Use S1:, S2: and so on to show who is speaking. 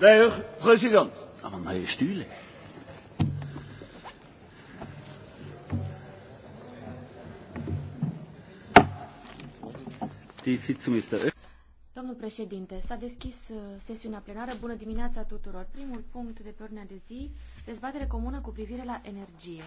S1: De heer president. Allemaal je stuurlijk.
S2: Domnul președinte, s-a deschis uh, sesiunea plenară. Bună dimineața tuturor. Primul punct de pe ordinea de zi, dezbatere comună cu privire la energie.